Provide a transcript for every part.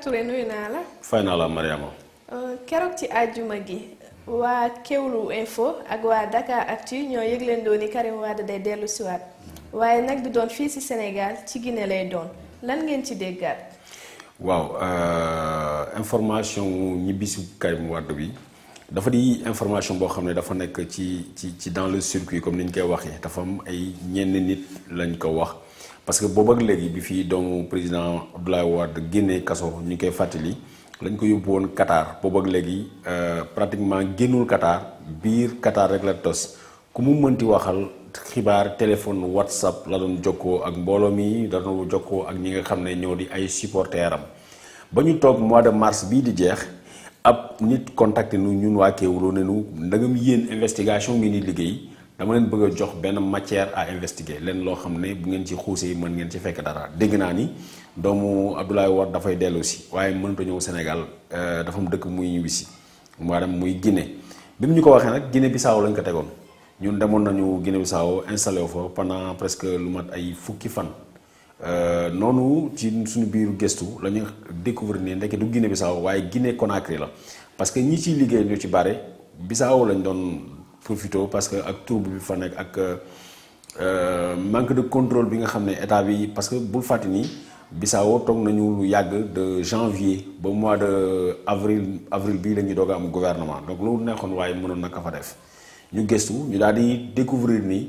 Touré nuyu naa la. fay naa la Mariama. keroog uh, ci àjjuma gi waa Kewlu Info ak waa Dakar Actu ñoo yëg leen doon ni Karim Wade day dellu siwaat waaye nag bi doon fii ci Sénégal ci Guinée lay doon lan ngeen ci déggaat. waaw euh, information ñibbisi Karim Wade bi dafa di information boo xam ne dafa nekk ci ci ci dans le circuit comme niñ ñu koy waxee dafa am ay ñenn nit lañ ko wax. parce que boobu ak léegi bi fii doomu président Abdoulaye Wade génnee kaso ñu koy fàttali lañ ko yóbbu woon Qatar boobu ak léegi euh, pratiquement génnul Qatar biir Qatar rek la tos ku mu mënti waxal xibaar téléphone WhatsApp la doon jokkoo ak mbooloo mii la doon jokkoo ak ñi nga xam ne ñoo di ay supporters am ba ñu toog mois de mars bii di jeex ab nit contacté nu ñun waa Kéwoulo ne nu ndagam yéen investigation ngi ni liggéey. dama len bëgg jox ben matière à investiguer len lo xamné bu ngeen ci xousé mën ngeen ci fekk dara dégg na ni doomu Abdoulaye da fay si waaye mën a ñëw Sénégal euh, dafa mu dëkk muy ñu si manam muy guiné bimu ñuko waxé nak guiné nag Guinée Bissau lañ ko tegoon ñun demoon nañu Guinée Bissau installé wu fa pendant presque lu mat ay fukki fan suni euh, ci suñu biiru gëstu la découvrir né ndéke du Guinée Bissau waaye guiné Conakry la parce que ñi ci liggéey ñu ci bare Bissau lañ doon. profité parce que ak trouble bi fa nekk ak euh, manque de contrôle bi nga xamné état bi parce que bu fatini ni Bissau toog nañu lu yàgg de janvier ba mois de avril avril bi lañu doga am gouvernement donc loolu neexoon way mënon naka fa def ñu gestu ñu daal découvrir ni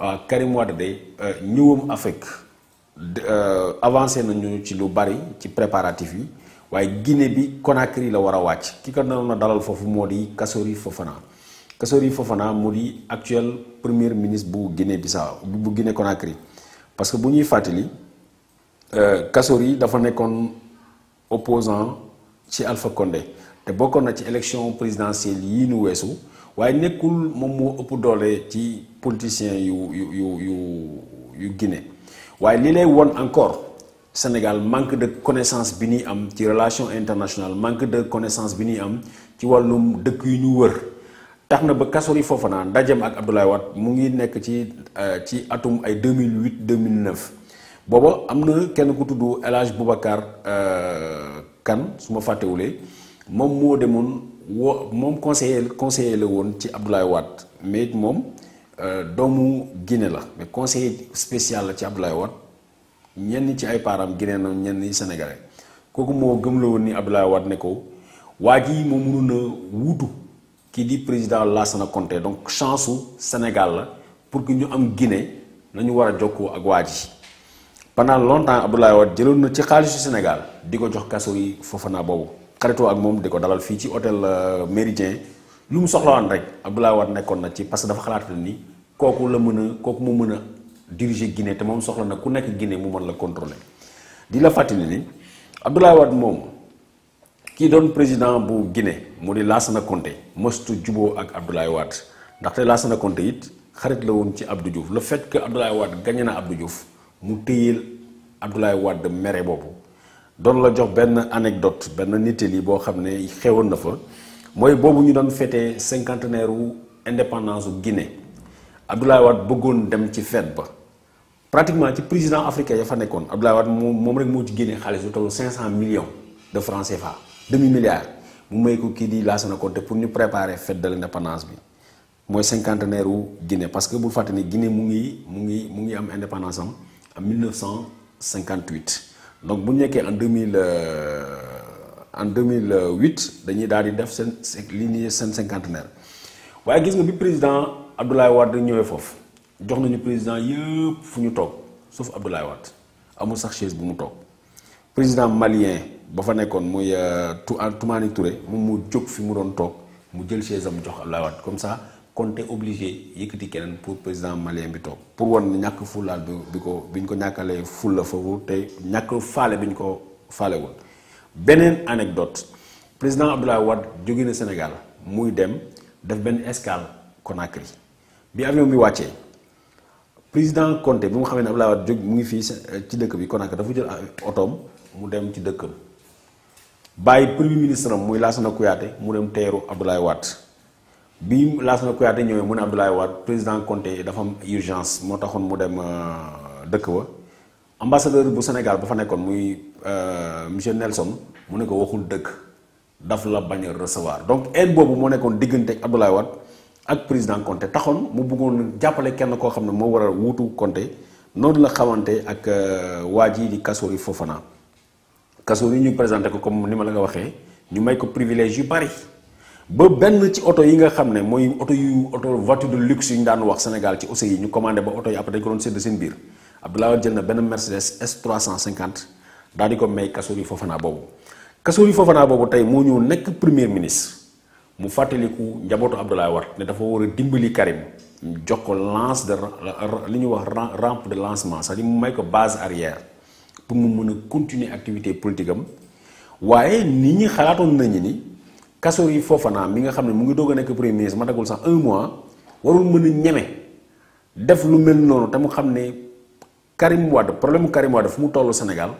euh, Karim Wade euh, de afek euh avancer nañu ci lu bari ci préparatif yi waye Guinée bi Conakry la wara wacc ki ko naroon na dalal fofu modi di Fofana Kassori Fofana mu actuel premier ministre bu Guinée Bissau bu Guinée Conakry parce que bu ñuy fàttali euh, Kassory dafa nekkoon opposant ci Alpha Condé te bokkoon na ci élection présidentielle yii nu weesu waaye nekkul moom moo ëpp doole ci politicien yu yu yu Guinée Il li lay won encore Sénégal manque de connaissance bi ñuy am ci relation internationale manque de connaissances bi ñuy am ci wàllum dëkk yu tax na ba Kassory Fofana ndajeem ak Abdoulaye Wade mu ngi nekk ci euh, ci atum ay 2008 2009 booba am na kenn ku tudd El Hadj Boubacar euh, Kane su ma fàttewulee moom moo demoon wo moom conseiller conseiller la woon ci Abdoulaye Wade mais moom euh, doomu Guinée la mais conseiller spécial la ci Abdoulaye Wade ñenn ci ay param Guinée na ñenn Sénégalais kooku moo gëm la woon ni Abdoulaye Wade ne waa ji moom mënun a Qui dit président Lassana Conté donc chance su Sénégal pour que ñu am Guinée nañu war a jokkoo ak waa pendant longtemps Abdoulaye Wade jëloon na ci xaalisu Sénégal di ko jox kaso yi Fofana boobu xaritoo ak moom di ko dalal fii ci hôtel euh, Méridien lu mu soxlawoon rek Abdoulaye Wade nekkoon na ci parce que dafa xalaat ni kooku la mën a kooku mu mën a diriger Guinée te moom soxla na ku nekk Guinée mu mën la contrôler di la fàttali ni Abdoulaye Wade moom. Qui donne président bu Guinée mu Lassana Conté Mostu juboo ak Abdoulaye Wade ndaxte Lassana Conté it xarit la woon ci Abdou Diouf le fait que Abdoulaye Wade gagne Abdou Diouf mu téyeel Abdoulaye Wade mere boobu doon la jox une anecdote benn nettali boo xam ne xewoon na fa mooy boobu ñu doon fêté cinquantenaire wu indépendance du Guinée Abdoulaye Wade bëggoon dem ci fête ba pratiquement ci président africain ya fa nekkoon Abdoulaye Wade moom moom rek moo ci génne xaalis lu toll 500 millions de francs CFA demi milliard mu may ko kii di Lassana Conté pour nous préparer fête de l'indépendance bi 50 cinquantenaire wu Guinée parce que vous fàtte ni Guinée mu ngi mu am indépendance am en 1958 donc bu ñu nekkee en 2000 euh, en 2008 dañuy daal di def seen ligne seen Vous voyez gis nga bi président Abdoulaye Wade ñëwee foofu jox nañu président yëpp fu ñu sauf Abdoulaye Wade amul sax chaise bu mu toog président malien. ba fa nekkoon muy euh, euh, Toumani ture moom mu jóg fi mu doon toog mu jël chaise am jox Abdoulaye Wade comme ça Conté obligé yëkkati keneen pour président malien bi toog pour wan ñàkk fulaal bi bi ko bi ñu ko ñàkkalee fulla foofu te ñàkk faale bi ñu ko faalewul beneen anecdote président Abdoulaye wat jóge na Sénégal muy dem def benn escale Conakry bi avion bi wàccee président Conté bi mu xamee ne Abdoulaye Wade jóg mu ngi fii ci euh, dëkk bi Conakry dafa jël otoom mu dem ci dëkkam bàyyi premier ministre am muy Lassana Kouyaté mu dem teeru Abdoulaye Wade bi Lassana Kouyaté ñëwee mu ne Abdoulaye waat président Conté dafa am urgence moo taxoon mu dem euh, dëkk wa ambassadeur bu Sénégal ba fa nekkoon muy euh, monsieur Nelson mu ne ko waxul dëkk daf la bañ a donc aide boobu moo nekkoon diggante ak Abdoulaye ak président Conté taxoon mu buggoon jàppale kenn koo xam ne moo war a wuutu Conté noonu la xamante ak euh, waa ji di foofu Fofana. kasso ni ñu présenter ko comme ni ma la nga waxé ñu may ko privilège yu bari ba benn ci auto, yi nga xamné moy auto oto yu oto voiture de luxe yi ñu daan wax Sénégal ci aussi ñu commander ba oto yi après dañ ko don sédd seen biir Abdoulaye jël na benn Mercedes S350 daal di ko may Kassory Fofana kasso Kassory Fofana bobu tay mo ñu nek premier ministre mu ku njabotu Abdoulaye war ne dafa wara dimbali Karim jox ko lance de li wax rampe de lancement c'est-à-dire mu may ko base arrière pour mu mën a continuer activité politique am waaye nit ñi xalaatoon nañu ni kaso yi Fofana mi nga xam ne mu ngi doog a nekk premier ministre matagul sax un mois warul mën a ñeme def lu mel noonu te mu xam ne Karim Wade problème Karim Wade fu mu tollu Sénégal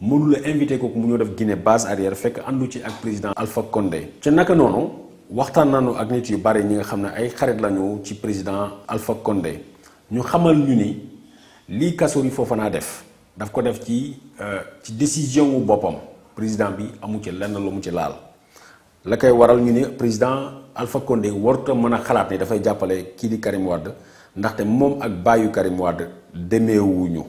mënu la invité kooku mu ñëw def Guinée base arrière fekk àndu ci ak président Alpha Condé. ca naka noonu waxtaan nañu ak nit yu bari ñi nga xam ne ay xarit lañu ci président Alpha Condé ñu xamal ñu ni lii Kassory Fofana def. daf ko def ci euh, ci décision wu boppam président bi amu ci lenn lu mu ci laal la koy waral ñu ne président Alpha Condé warta mëna a xalaat ne dafay jappalé ki di Karim Wade ndaxte mom ak bayu Karim Wade demeewuñu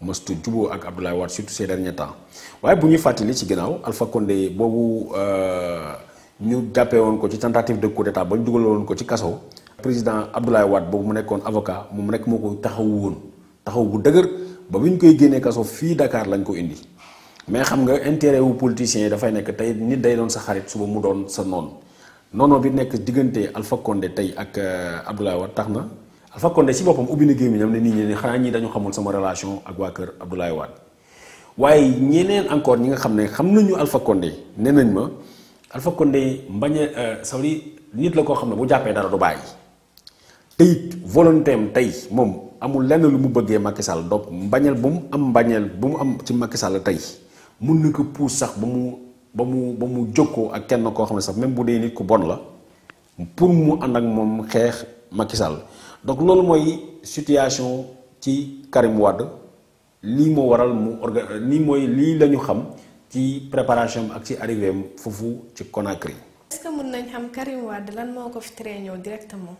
mustu djubo ak Abdoulaye Wade surtout ces derniers temps waye bu ñuy ci ginnaaw Alpha Condé boobu euh, ñu gappé won ko ci tentative de coup d'état bañ duggal won ko ci kaso président Abdoulaye Wade bobu mu nekkoon avocat moom rek moko taxawu taxaw bu dëgër ba bu ñu koy génnee kaso fii dakaar lañ ko indi mais xam nga intérêt wu politiciens yi dafay nekk tey nit day doon sa xarit suba mu doon sa noon noonoo bi nekk diggante Alpha Condé tey ak euh, Abdoulaye Wade tax na Alpha Condé ci boppam ubbi na gémmiñam ne nit ñi ne xanaa ñii dañu xamul sama relation ak waa kër Abdoulaye Wade waaye ñeneen encore ñi nga xam ne xam nañu Alpha Condé nee nañ ma Alpha Condé mbañ a sawri nit la koo xam ne bu jàppee dara du bàyyi te it tey moom. amul lenn lu mu bëggee Macky Sall donc mbañeel bu mu am mbañeel bu mu am ci Macky Sall tey mun na ko puus sax ba mu ba mu ba mu jokkoo ak kenn koo xam ne sax même bu dee nit ku bon la pour mu ànd ak moom xeex Macky donc loolu mooy situation ci Karim Wade lii moo waral mu mooy lii la xam ci préparation ak ci arrivé am foofu ci Conakry. mun nañ xam Karim lan moo ko fi tere directement.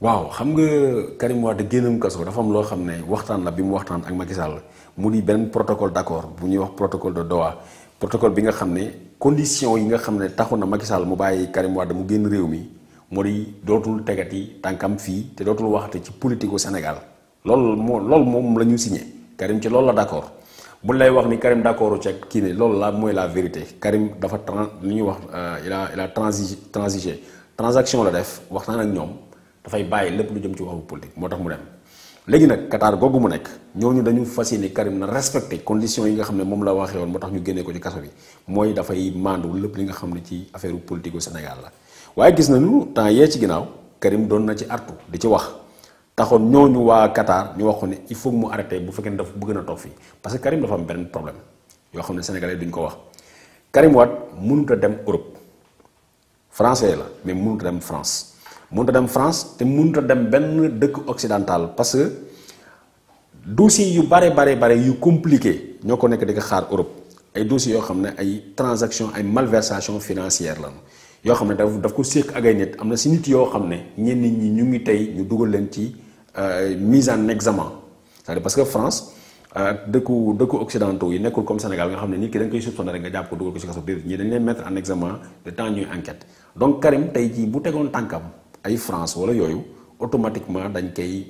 waaw xam nga Karim Wade génnam kaso dafa am loo xam ne waxtaan la bi mu waxtaan ak Macky Sall mu di benn protocole d'accord bu ñuy wax protocole de Doha protocole bi nga xam ne condition yi nga xam ne taxu na Macky mu bàyyi Karim Wade mu génn réew mi moo di dootul tegati tànkam fii te dootul waxte ci politiku Sénégal loolu moo loolu moom la ñu signé Karim ci loolu la d'accord bu lay wax ni Karim d'accord ci kii ne loolu la mooy la vérité Karim dafa trans li ñuy euh, a il a transi transigé transaction la def waxtaan ak ñoom. dafay bàyyi lépp lu jëm ci waxu politique moo tax mu dem léegi nag Qatar googu mu nekk ñooñu dañu fas yéene Karim na respecté condition yi nga xam ne moom la waxee woon moo tax ñu génnee ko ci kaso bi mooy dafay maandu lépp li nga xam ne ci affaire politique au Sénégal la waaye gis na nañu temps yee ci ginnaaw Karim doon na ci artu di ci wax taxoon ñooñu waa Qatar ñu wax ko ne il faut mu arrêté bu fekkee ne dafa bëgg na toog fii parce que Karim dafa am benn problème yoo xam ne sénégalais duñ ko wax Karim Wade mënut a dem Europe français la mais mënut a France. mënut ta dem France te mënut a dem benn dëkk occidental parce que dossiers yu bare bare bare yu compliqué ñoo ko nekk di ko xaar Europe ay dossiers yoo xam ne ay transaction ay malversation financière lan yoo xam ne daf daf ko séq ak ay nit am na si nit yoo xam ne ñenn nit ñi ñu ngi tey ñu dugal leen ci euh, mise en examen parce que France euh, dëkku dëkku occidentaux yi nekkul comme Sénégal nga xam ne nit ki da nga koy soupçonné rek nga jàpp ko dugal ko si kaso déedéet ñi en examen de temps ñuy tey jii bu tegoon tànkam ay France wala yooyu automatiquement dañ koy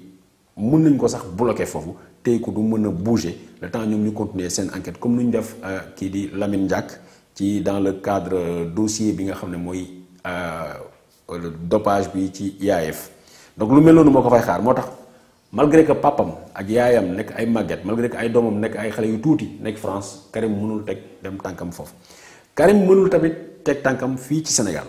mën nañ ko sax bloquer foofu tey ko du mën a bouger le temps ñoom ñu continuer seen enquête comme nuñ def euh, kii di Lamine Diack ci dans le cadre dossier bi nga xam ne mooy euh, dopage bi ci IAF. donc lu mel noonu moo ko fay xaar moo tax malgré que papam ak yaayam nekk ay màgget malgré que ay doomam nekk ay xale yu tuuti nekk France Karim mënul teg dem tànkam foofu Karim mënul tamit teg tànkam fii ci Sénégal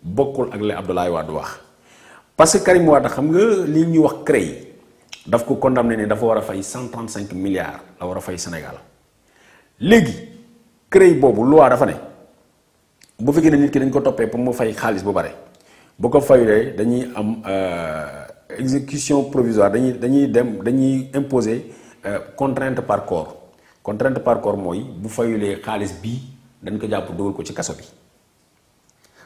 bokul ak li Abdoulaye Wade wax parce que Karim Wade xam nga li ñu wax créé daf ko condamné né dafa wara fay 135 milliards la wara fay Sénégal légui créé bobu loi dafa né bu fekkee ne nit ki dañ ko topé pour mu fay xaliss bu bare bu ko fayulee dañuy am euh, exécution provisoire dañuy dañuy dem dañuy imposer euh, contrainte par corps contrainte par corps moy bu fayulee xaliss bi dañ ko japp dougal ko ci kasso bi.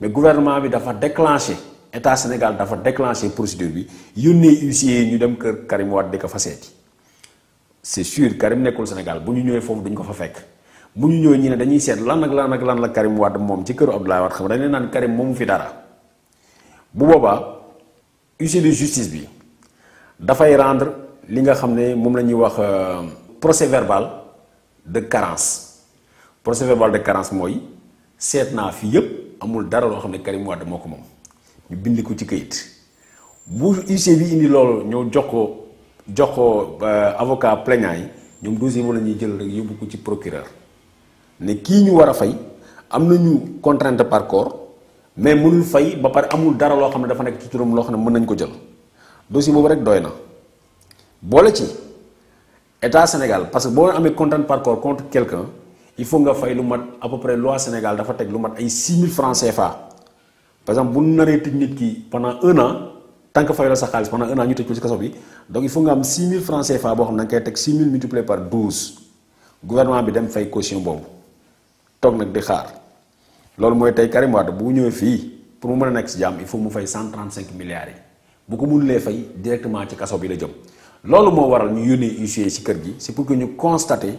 mais gouvernement bi dafa déclenché état Sénégal dafa déclenché procédure bi yónnee huissier ñu dem kër Karim Wade di ko fa c'est sûr Karim nekul Sénégal bu ñu ñëwé foofu duñ ko fa fekk bu ñu ñëw ñi ne dañuy seet lan ak lan ak lan la Karim wad moom ci kër Abdoulaye wad xam dañ leen naan Karim moomu fi dara bu boobaa huissier de justice bi dafay rendre li nga xam ne moom la ñuy wax euh, procès verbal de carence procès verbal de carence mooy seet naa fi yëpp. amul dara loo xam ne Karim Wade moo ko moom ñu bind ko ci kayit bu huissier bi indi loolu ñëw jox ko jox ko euh, avocat plaignant yi ñoom dossier moom la ñuy jël rek yóbbu ko ci procureur ne kii ñu war a fay am nañu contrainte par corps mais mënul fay ba pare amul dara loo xam ne dafa nekk ci turam loo xam ne mën nañ ko jël dossier boobu rek doy na boole ci état Sénégal parce que boo amee contrainte par corps contre quelqu'un il faut nga fay lu mat à peu près loi Sénégal dafa tek lu mat ay 6000 francs CFA par exemple bu naree tik nit ki pendant un an tant que fay la sa xaliss pendant un an ñu tek ko ci kasso bi donc il faut nga am 6000 francs CFA bo xam ne da 6000 multiplié par 12 gouvernement bi dem fay caution bobu tok nak di xaar loolu moy tay Karim wad bu ñëw fi pour mu mëna a ci si il faut mu fay 135 milliards bu ko mënulé fay directement ci kasso bi la jëm loolu mo waral ñu yónnee huissier si kër gi c'est pour que ñu constater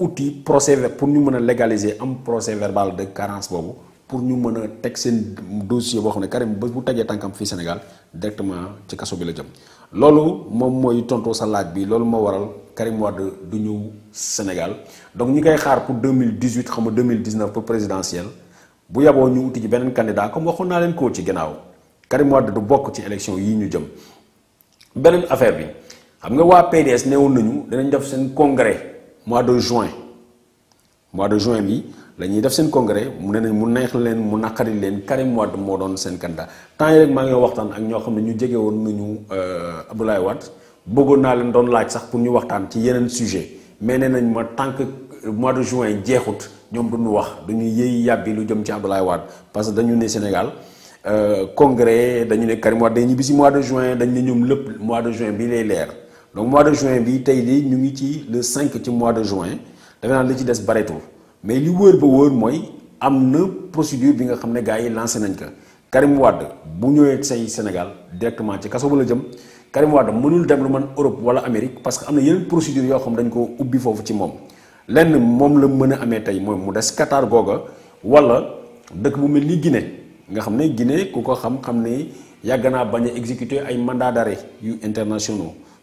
outil procès pour ñu mën légaliser un procès verbal de carence bobu pour ñu mën a teg dossier boo xam Karim bu tegee tankam fi Sénégal directement ci kasso bi la jëm lolu mom moy tonto sa laaj bi lolu mo waral Karim Wade du ñu Sénégal donc ñi kay xaar pour 2018 xam 2019 pour présidentielle bu yabo ñu outil ci beneen candidat comme waxoon naa leen koo ci gannaaw Karim Wade du bokk ci élection yi ñu jëm beneen affaire bi xam nga wa PDS néwon nañu danañ def sen congrès mois de juin mois de juin bi lañuy def congrès mu ne de mu neex mois mu nakari leen mois de candidat temps rek maa ngi waxtaan ak ñoo xam ne ñu jege woon nañu euh, Abdoulaye de bëggoon naa leen laaj sax pour ñu ci sujet mais nañ ma tant que mois de juin jeexut ñoom duñu wax duñu yëy lu jëm ci Abdoulaye parce que dañu Sénégal euh, congrès dañu mois de juin mois de juin bi lay donc mois de juin bi tey de ñu ngi ci le 5 ci mois de juin dafa naan li ci des bareetul mais li wóor ba wóor mooy am na procédure bi nga xam gaay lancé nañ ko Karim Wade bu ñëwee say Sénégal directement ci kaso ba jëm Karim Wade mënul dem lu man Europe wala Amérique parce que amna na yeneen procédure yo xam dañ ko ubbi fofu ci mom lenn mom la mëna amé tay moy mu dess Qatar goga wala dëkk bu melni ni Guinée nga xam ne Guinée ku ko xam xam ne baña exécuter ay mandat d'arrêt yu internationaux